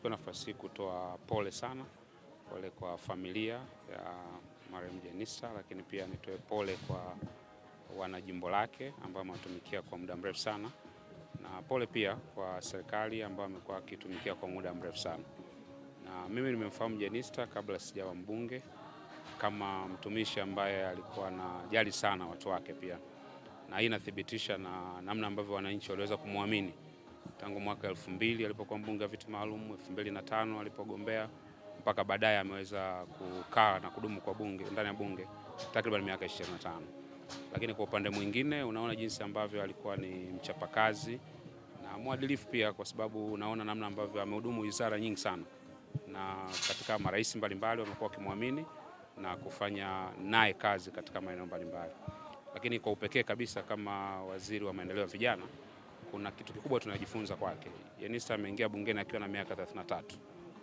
Nichukue nafasi hii kutoa pole sana pole kwa familia ya marehemu Jenista, lakini pia nitoe pole kwa wanajimbo lake ambao wametumikia kwa muda mrefu sana, na pole pia kwa serikali ambao amekuwa akitumikia kwa muda mrefu sana. Na mimi nimemfahamu Jenista kabla sijawa mbunge kama mtumishi ambaye alikuwa anajali sana watu wake pia, na hii inathibitisha na namna ambavyo wananchi waliweza kumwamini tangu mwaka elfu mbili alipokuwa mbunge wa viti maalum, elfu mbili na tano alipogombea mpaka baadaye ameweza kukaa na kudumu kwa bunge ndani ya bunge takriban miaka 25. Lakini kwa upande mwingine unaona jinsi ambavyo alikuwa ni mchapakazi na mwadilifu pia, kwa sababu unaona namna ambavyo amehudumu wizara nyingi sana, na katika marais mbalimbali wamekuwa wakimwamini na kufanya naye kazi katika maeneo mbalimbali. Lakini kwa upekee kabisa kama waziri wa maendeleo ya vijana kuna kitu kikubwa tunajifunza kwake. Jenista ameingia bungeni akiwa na miaka 33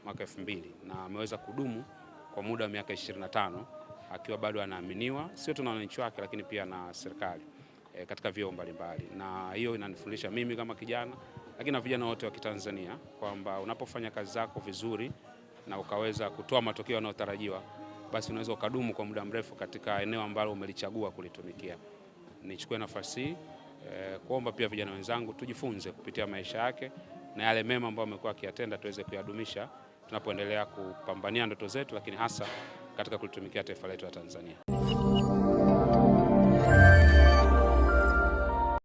mwaka 2000 na ameweza kudumu kwa muda wa miaka 25 akiwa bado anaaminiwa sio tu na wananchi wake, lakini pia na serikali e, katika vyeo mbalimbali, na hiyo inanifundisha mimi kama kijana, lakini na vijana wote wa Kitanzania kwamba unapofanya kazi zako vizuri na ukaweza kutoa matokeo yanayotarajiwa, basi unaweza ukadumu kwa muda mrefu katika eneo ambalo umelichagua kulitumikia. Nichukue nafasi hii Eh, kuomba pia vijana wenzangu tujifunze kupitia maisha yake na yale mema ambayo amekuwa akiyatenda tuweze kuyadumisha tunapoendelea kupambania ndoto zetu, lakini hasa katika kulitumikia taifa letu la Tanzania.